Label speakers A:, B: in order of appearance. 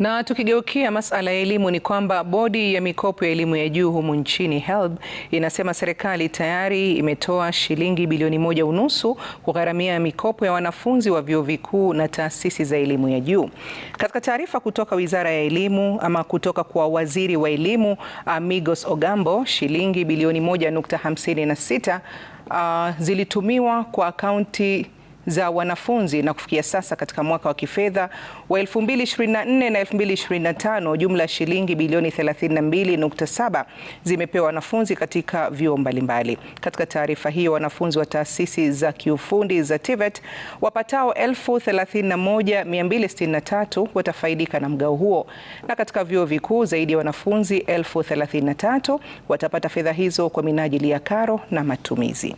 A: Na tukigeukia masala ya elimu ni kwamba bodi ya mikopo ya elimu ya juu humu nchini HELB inasema serikali tayari imetoa shilingi bilioni moja unusu kugharamia mikopo ya wanafunzi wa vyuo vikuu na taasisi za elimu ya juu. Katika taarifa kutoka Wizara ya Elimu ama kutoka kwa Waziri wa Elimu Amigos Ogambo, shilingi bilioni moja nukta hamsini na sita uh, zilitumiwa kwa akaunti za wanafunzi na kufikia sasa katika mwaka wa kifedha wa 2024 na 2025 jumla ya shilingi bilioni 32.7 zimepewa wanafunzi katika vyuo mbalimbali. Katika taarifa hiyo, wanafunzi wa taasisi za kiufundi za TVET wapatao 31263 watafaidika na mgao huo, na katika vyuo vikuu zaidi ya wanafunzi 1033 watapata fedha hizo kwa minajili ya karo na matumizi.